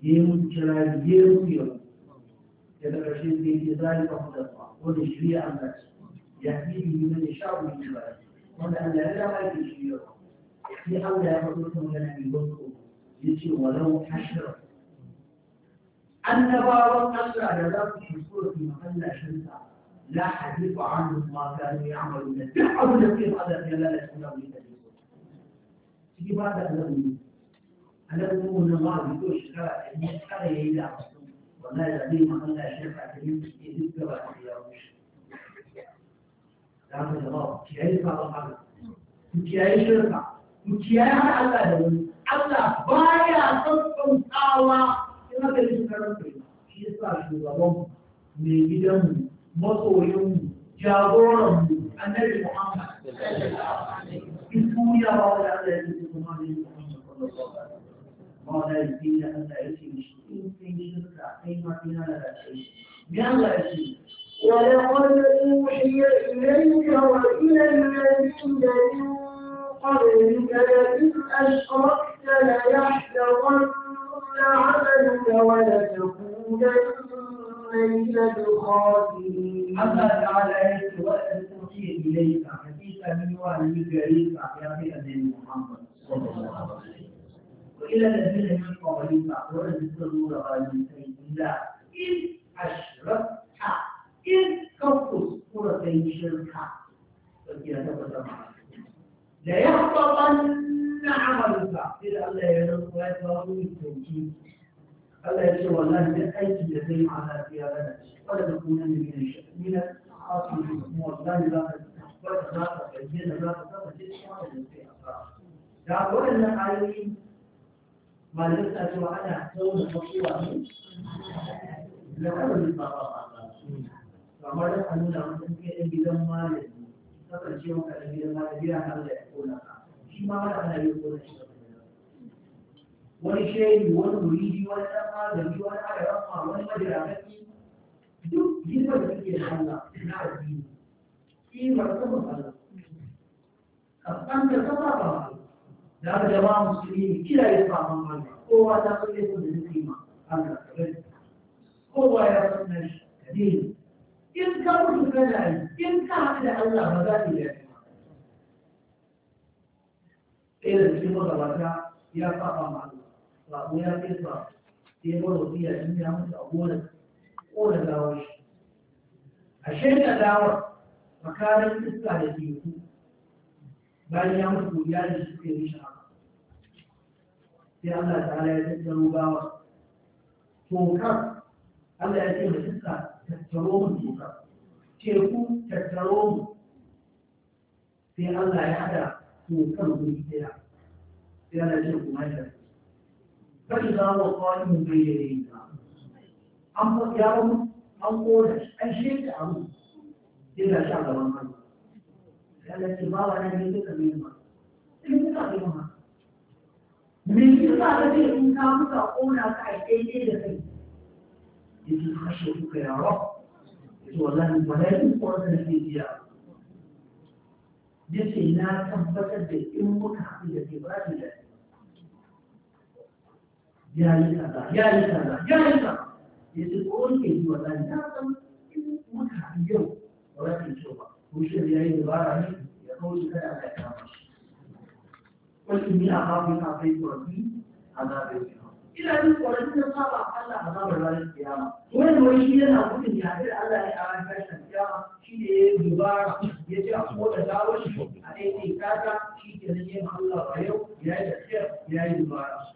يمن كلاب يمن يوم يبقى شيد بيت إزالي فهد الله ودي شريع بس يحبيبه من الشعب من كلاب ومن أن لا غير شريع في حول يا مدرسة من الأمي بطه يتي ولو حشر أن نباوة أسرع لذلك في سورة محلة شمسة لا حديث عنهم ما كانوا يعملون أو نفير هذا لا يكون من تجي بعد ألم ألم أن الله بيقول شكرا أن يشكرا إلى والله العظيم أن لا شفع كريم يذكر ويعيش لأن الله كيعيش على الأرض كيعيش على الله على الأرض Allah baya sassautawa in aka yi shekarar kai shi هو shugaban mai gidanmu masoyinmu jagoranmu annabi Muhammad duk duniya ba wani Allah ya yi kuma ne ba wani ya yi da Allah ya ce shi in sun yi shirka kai ma ina da rashe shi me Allah ya ce ولقد أوحي إليك وإلى الذين من قبلك لئن أشركت ليحبطن عملك ولتكونن ليس بخاسرين أما تعالى يستوحي إليك حديثا من والدك عيسى يا بأبي محمد صلى الله عليه وسلم وإلى الذين من قبلك ولد الضرورة والمسيح الله إن أشركت إن كفرت قرتين شركا لا يحبطن عملك إلى الله يرضى ويتوب التوحيد فلا يتولان بأيدي يدين على ديارنا ولا نكون من الشأمين عاصم المؤمور لا نلاقى ولا نلاقى بيدينا لا تلاقى جيد شوالا في أفراد يعبون النقائلين ما لسأت وعلا حسون الحقوة لأول البقاء فما يفعلون أن تنكئن بذن ما يدون فقد يكون الشيطان ولشيء adalci wani arama wani majalaki duk girma da suke da Allah na addini kimar sama Allah da sama ba da aka jama musulmi ne kiyaye samun Allah kowa ta so ne da nufi ma Allah kare kowa ya san na shi kadiri in ka mutu da yi in ka haɗu da Allah ba za ka yi ɗaya da cikin magabata ya faɗa ma Allah ba mu ya kai هي بولو دي يعني هم تقول أول الزواج عشان الزواج مكان الاستعداد فيه بعد يوم الجيال في الشارع في الله تعالى يتجلو باو توكا الله يتجلو تسعة تترون توكا تيكو تترون في الله يحدى توكا في الله يتجلو ما يتجلو فإذا هو قائم بيديها أما يوم أقول أجد أم إلا شعب ومن التي بابا نجدك منها المتقيمها من تلك التي إن كانت تقول لك أيدي لكي يجب خشيتك يا رب يجب والله ولا يقول لك يا رب يجب أن تثبت بإمك عقيدتي ولا تجد ya yi kaza ya yi kaza ya yi kaza ya ce tsohon ke yi wa ya san in muka yau ba za ta ce ba ko shi ya yi dabara ne ya kawo shi kada ka kama shi wasu ni a kafin a kai kwarfi a zaɓe ya ina jin kwarfi na saba Allah a zaɓar ranar kiyama wani wani shi yana mutum ya haɗu Allah ya a ranar kiyama shi ne ya yi dabara ya ce a kowace gawar shi a ɗaiɗaita ta shi ke nan yin Allah ba yau ya yi da ya yi dabara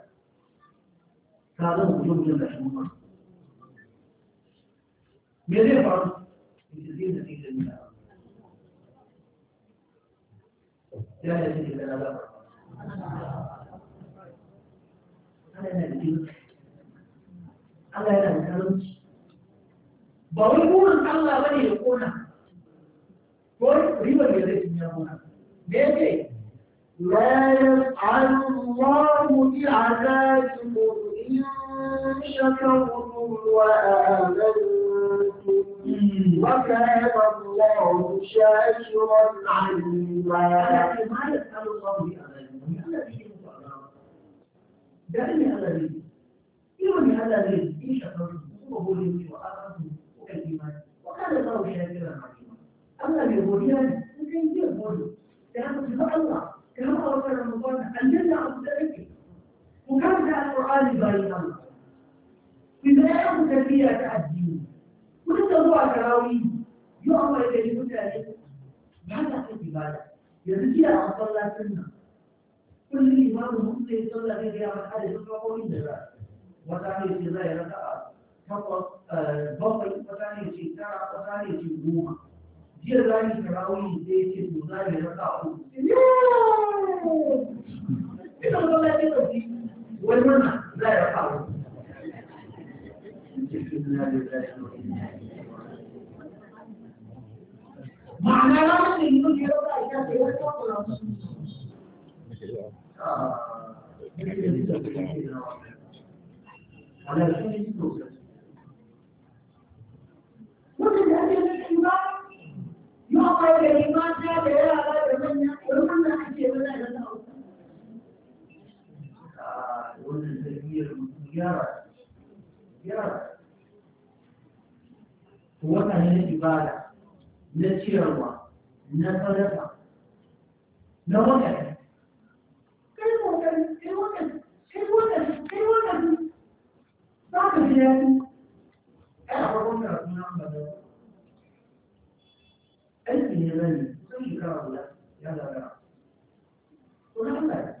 ta zan ku zo mutum da shi mutum me zai faru ita zai da zai da ya yi zai Allah yana da Allah yana da karanci ba Allah ba ya kona ko ribar da zai cinye kona me yake la yas'alu إن شكرتم وآمنتم وكان الله شاكرا عليما. ما يسأل الله بأذانهم الله دين يوم هذا دين إن شكرتم وهو لي وآمنتم وكلمات وكان الله شاكرا عليما. أما بالبنيان فكيف يقول؟ كلام الله كلام الله كلام الله الجنة أبو ذلك وكان القرآن بيننا بداية كثيرة الدين وتتبع الكراوي يوم يجي متعلق هذا في العبادة يرجع عن صلاة سنة كل إمام مسلم صلى في غياب حاله فهو من ذلك وثاني شيء لا يركع فقط آه، بطل وثاني شيء ترى وثاني شيء بوما جيل ثاني كراوي زي شيء مزاي يركع إذا صلى كذا والمنع لا يقع معناه أن يكون يوضع إذا يوضع على الحين توجد ومن هذه الأسباب يعطى الإيمان هذا يا هذا من يقول من أحد يقول yara yara to wannan ne ibada na ciyarwa na sadaka na wannan kai wannan kai wannan kai wannan kai wannan za ka ji daɗi ai a farkon da suna ba da aiki ne zan yi sun shekara guda ya zagara to na Allah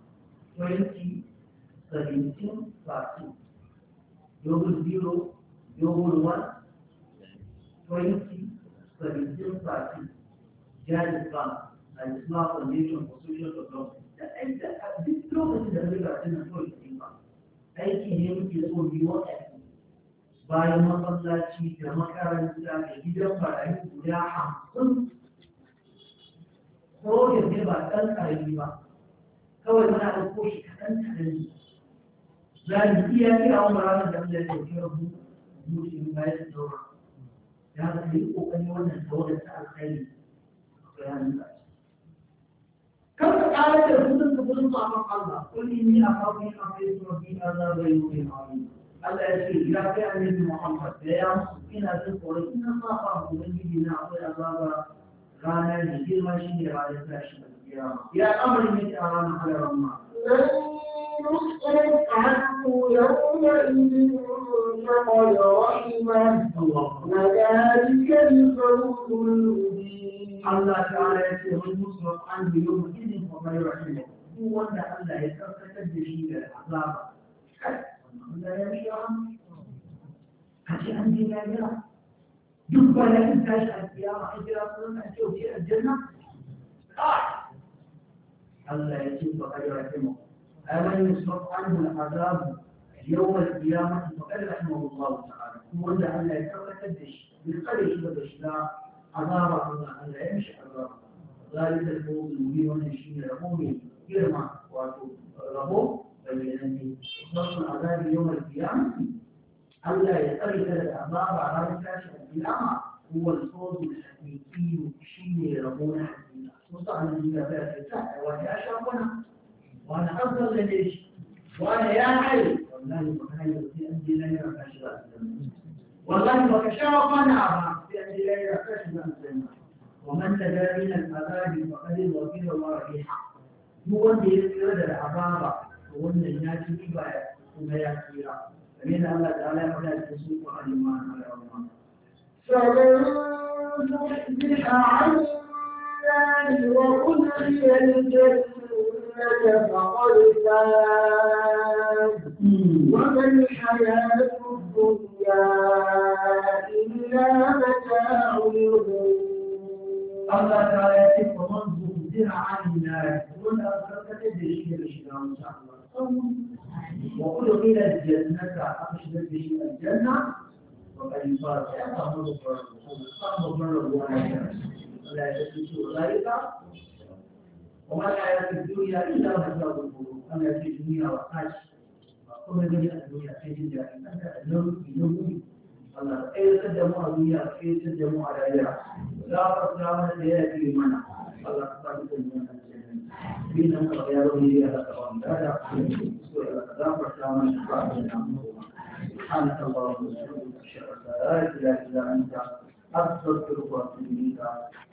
2017 Plateau. Double zero, double one, 2017 Plateau. Jihad Islam, and Islam Foundation for Social Development. Da aida a duk lokacin da zai gaji na kawai da ba, aiki ne muke so biyu waɗanda bayan masallaci da makaranta da gidan barayi guda hamsin ko yanzu ba ɗan ƙarfi ba kawai muna ɗauko shi kaɗan kaɗan ne za mu iya kirawan ranar da Allah ya kira mu mutum bayan saura ya ka yi ƙoƙari wannan saura ta alkhairi ya nuna كم آلة الهدن تقول الله الله قل إني أخاف إن أخيت وفي هذا غير عظيم الأشياء لا كأن محمد يا إن أتقول إن الله أخاف من دينا وأبابا غانا لكل ما شيء على الفاشل يا أمر من أرام على رمى من يسأل عنه يومئذ فقد رحمه وذلك الفوز المبين الله تعالى يسأل المسلم عنه يومئذ وما يرحمه هو أن الله يترك تدريب العذاب لا يشعر عشان عندي لا يرى دب ولا انتاج القيامة حجرة الجنة آه ألا يجب فقد رحمه ألا يصرف عنه العذاب يوم القيامة فقد رحمه الله تعالى هو أن لا يتقدش بالقدر يتقدش لا عذاب الله أن لا يمشي عذاب ذلك الفوز المبين وأن يشين رحومه كرما وأتوب بينني وصرف العذاب يوم القيامة ألا يتقدش العذاب على الكاشف القيامة هو الفوز الحقيقي شين رحومه وصعنا الإجابات تحت وهي أشرب وأنا وأنا أفضل إيش وأنا يا حي والله وكان في عندي لا يعرف والله وكشرف أنا في عندي لا يعرف ومن تدى من الأباب فقد الوكيل وريحة يودي يسير العبارة وأن الناس كباية وما يكفيها فمن الله تعالى ولا تسوق عن المال ولا الله فلن تصبح عنه الإنسان وأدخل الجنة فقد فاز وما الحياة الدنيا إلا متاع الغرور Allah ta ya ce fa man zuhira an nar wanda aka karkata da shi da shiga wuta wa kullu ila jannata aka shiga da shi aljanna wa qad fara ya samu da fara samu da fara wa ya لا يستطيع ذلك وما الحياة الدنيا إلا متاع الغرور أما في الدنيا والحج وكل من الدنيا في الدنيا إنك اليوم في يوم الله أي تدموا الدنيا أي تدموا على إله لا تصنعوا الحياة في منع الله تبارك من الجنة بينا تغيروا لي هذا القرآن هذا سورة الأقدام وسلام الله سبحانك اللهم وبحمدك أشهد أن لا إله إلا أنت أستغفرك وأتوب إليك